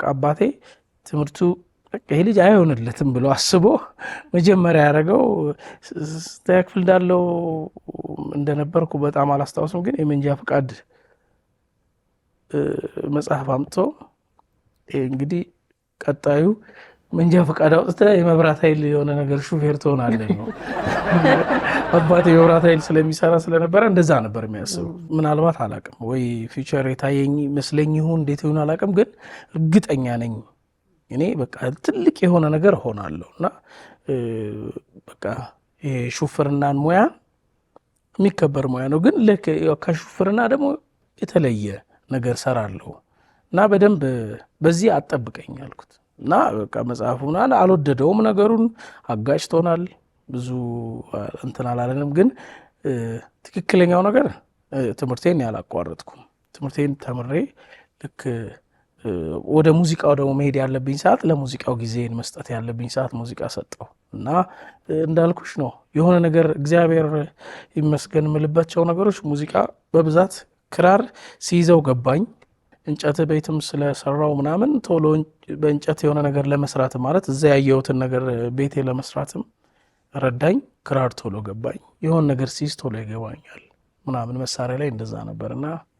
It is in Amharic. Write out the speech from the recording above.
በቃ አባቴ ትምህርቱ ይሄ ልጅ አይሆንለትም ብሎ አስቦ መጀመሪያ ያደረገው ስታያ ክፍል እንዳለው እንደነበርኩ በጣም አላስታውስም፣ ግን የመንጃ ፈቃድ መጽሐፍ አምጥቶ እንግዲህ ቀጣዩ መንጃ ፈቃድ አውጥተህ የመብራት ኃይል የሆነ ነገር ሹፌር ትሆናለህ ነው። አባቴ የመብራት ኃይል ስለሚሰራ ስለነበረ እንደዛ ነበር የሚያስቡ። ምናልባት አላቅም ወይ ፊውቸር የታየኝ መስለኝ ይሁን እንዴት ይሁን አላቅም፣ ግን እርግጠኛ ነኝ እኔ በቃ ትልቅ የሆነ ነገር ሆናለሁ እና በቃ የሹፍርናን ሙያ የሚከበር ሙያ ነው፣ ግን ከሹፍርና ደግሞ የተለየ ነገር ሰራለሁ እና በደንብ በዚህ አጠብቀኝ አልኩት። እና በቃ መጽሐፉን አልወደደውም፣ ነገሩን አጋጭቶናል። ብዙ እንትን አላለንም። ግን ትክክለኛው ነገር ትምህርቴን ያላቋረጥኩም ትምህርቴን ተምሬ ልክ ወደ ሙዚቃው ደግሞ መሄድ ያለብኝ ሰዓት ለሙዚቃው ጊዜን መስጠት ያለብኝ ሰዓት ሙዚቃ ሰጠው እና እንዳልኩሽ ነው የሆነ ነገር እግዚአብሔር ይመስገን የምልባቸው ነገሮች ሙዚቃ በብዛት ክራር ሲይዘው ገባኝ። እንጨት ቤትም ስለሰራው ምናምን ቶሎ በእንጨት የሆነ ነገር ለመስራት ማለት እዛ ያየሁትን ነገር ቤቴ ለመስራትም ረዳኝ። ክራር ቶሎ ገባኝ። የሆን ነገር ሲይዝ ቶሎ ይገባኛል ምናምን መሳሪያ ላይ እንደዛ ነበር እና